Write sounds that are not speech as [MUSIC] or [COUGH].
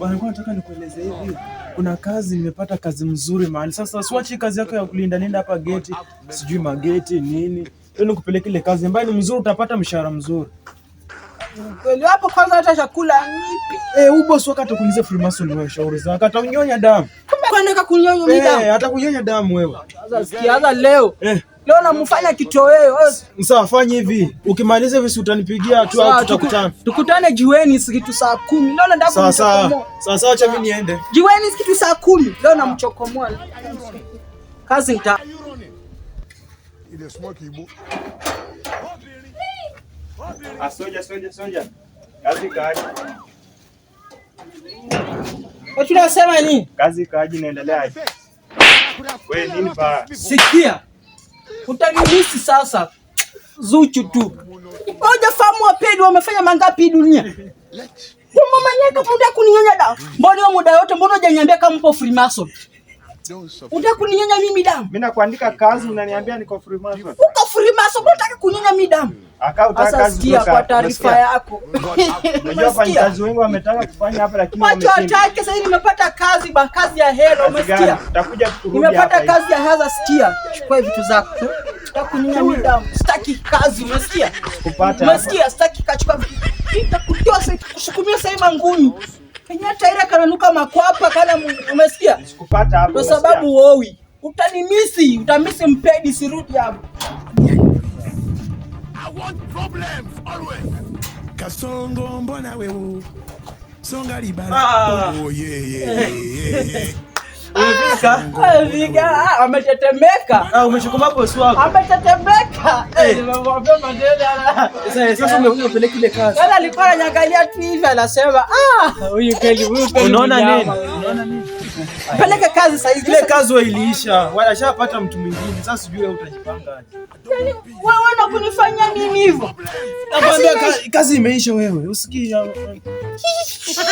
Walikuwa nataka nikueleze hivi, kuna kazi nimepata, kazi mzuri mahali. Sasa swachi kazi yako ya kulinda linda hapa geti, sijui mageti nini, nikupeleke ile kazi ambayo ni mzuri, utapata mshahara mzuri. Kweli hapo kwanza hata chakula nipi? Eh, ubo sio kata kuniza Freemason wewe shauri zako. Hata unyonya damu. Kumbe kwa nini kunyonya eh, damu? Eh, hata kunyonya damu wewe. Sasa sikia, hata leo. Eh. Leo namfanya kitoweo. Msa fanye hivi. Ukimaliza hivi si utanipigia tu au tutakutana. Tukutane jiweni sikitu saa 10. Leo naenda kumchokomoa. sawa. Sawa acha mimi niende. Jiweni sikitu saa 10. Leo namchokomoa. Kazi nita. Ile smoke ibu. Asoja ah, soja soja. Kazi kaji. Wewe tunasema nini? Kazi kaji inaendelea. aje? Wewe nini ba? Sikia utanihisi sasa Zuchu tu. wa pedu wamefanya mangapi dunia. Kumamanyeka muda kuninyonya da Mbona muda yote mbona hujaniambia kama mpo Freemason? Unataka kuninyonya mimi damu? Mimi nakuandika kazi unaniambia niko Freemason. Uko Freemason, mbona unataka kuninyonya mimi damu? Sikia, kwa taarifa yako, [LAUGHS] wafanyakazi wengi wametaka kufanya hapa, lakini wachache. Sasa nimepata kazi ba kazi ya hela, umesikia? Nimepata kazi ya hela. Sikia, chukua vitu zako tu, takunyonya damu. Sitaki kazi, umesikia? Umesikia? Sitaki kachukua nitakutoa sasa, kushukumia sasa mangumi kenye hata ile kananuka makwapa kana, umesikia? Sikupata hapo kwa sababu wowi utanimisi, utamisi mpedi, sirudi hapo want problems always. Kasongo mbona wewe? Songa libala. Ah. Oh yeah yeah yeah. [LAUGHS] Eh, ah, ametetemeka, ah, umechukua bosi wako ametetemeka. Eh, eh. Sasa umekuja upeleke ile kazi. Sasa alikuwa ananyangalia tu hivi anasema, ah, huyu kweli, huyu kweli. Unaona nini? Unaona nini? Peleka kazi sasa hivi. Ile kazi wewe iliisha. Wanashapata mtu mwingine. Sasa sijui wewe utajipangaje. Yaani wewe unakunifanyia nini hivyo? Nakwambia kazi imeisha wewe. usikii [LAUGHS]